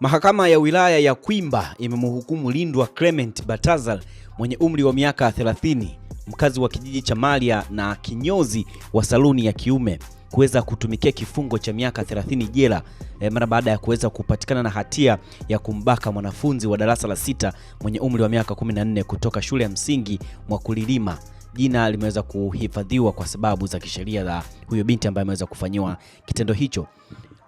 Mahakama ya wilaya ya Kwimba imemhukumu Lindwa Clement Batazal mwenye umri wa miaka 30 mkazi wa kijiji cha Malya na kinyozi wa saluni ya kiume kuweza kutumikia kifungo cha miaka 30 jela eh, mara baada ya kuweza kupatikana na hatia ya kumbaka mwanafunzi wa darasa la sita mwenye umri wa miaka 14 kutoka shule ya msingi Mwakulilima. Jina limeweza kuhifadhiwa kwa sababu za kisheria za huyo binti ambaye ameweza kufanyiwa kitendo hicho.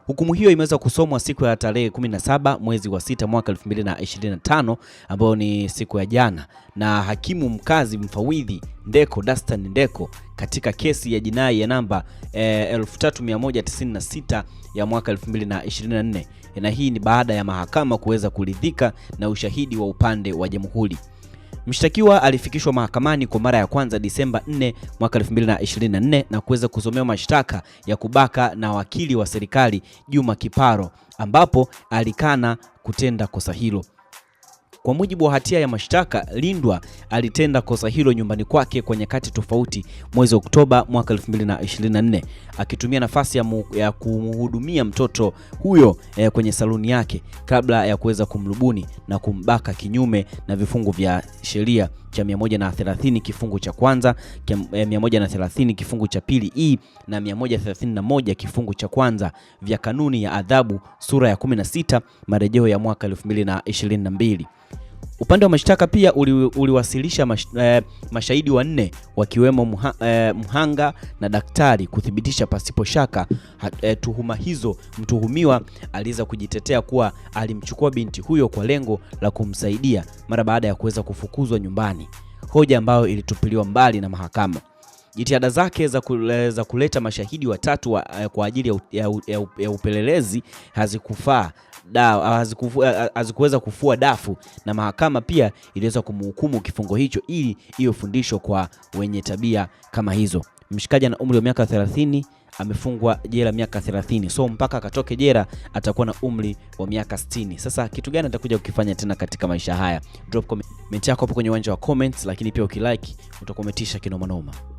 Hukumu hiyo imeweza kusomwa siku ya tarehe 17 mwezi wa sita mwaka 2025 ambayo ni siku ya jana na hakimu mkazi mfawidhi Ndeko Dastan Ndeko katika kesi ya jinai ya namba eh, 3196 ya mwaka 2024 na hii ni baada ya mahakama kuweza kuridhika na ushahidi wa upande wa jamhuri. Mshtakiwa alifikishwa mahakamani kwa mara ya kwanza Disemba 4 mwaka 2024 na kuweza kusomewa mashtaka ya kubaka na wakili wa serikali Juma Kiparo ambapo alikana kutenda kosa hilo. Kwa mujibu wa hatia ya mashtaka, Lindwa alitenda kosa hilo nyumbani kwake kwa nyakati tofauti mwezi Oktoba mwaka 2024 akitumia nafasi ya, ya kumhudumia mtoto huyo eh, kwenye saluni yake kabla ya kuweza kumlubuni na kumbaka kinyume na vifungu vya sheria cha 130 kifungu cha kwanza, 130 eh, kifungu cha pili i e na 131 kifungu cha kwanza vya kanuni ya adhabu sura ya 16 marejeo ya mwaka 2022. Upande wa mashtaka pia uliwasilisha uli mash, eh, mashahidi wanne wakiwemo mha, eh, mhanga na daktari kuthibitisha pasipo shaka eh, tuhuma hizo. Mtuhumiwa aliweza kujitetea kuwa alimchukua binti huyo kwa lengo la kumsaidia mara baada ya kuweza kufukuzwa nyumbani, hoja ambayo ilitupiliwa mbali na mahakama. Jitihada zake za, kule, eh, za kuleta mashahidi watatu wa, eh, kwa ajili ya, ya, ya, ya upelelezi hazikufaa dao hazikuweza kufua dafu, na mahakama pia iliweza kumhukumu kifungo hicho ili iyo fundisho kwa wenye tabia kama hizo. Mshikaji ana umri wa miaka 30, amefungwa jela miaka 30, so mpaka akatoke jela atakuwa na umri wa miaka 60. Sasa kitu gani atakuja kukifanya tena katika maisha haya? Drop comment yako hapo kwenye uwanja wa comments, lakini pia ukilike utakometisha kinomanoma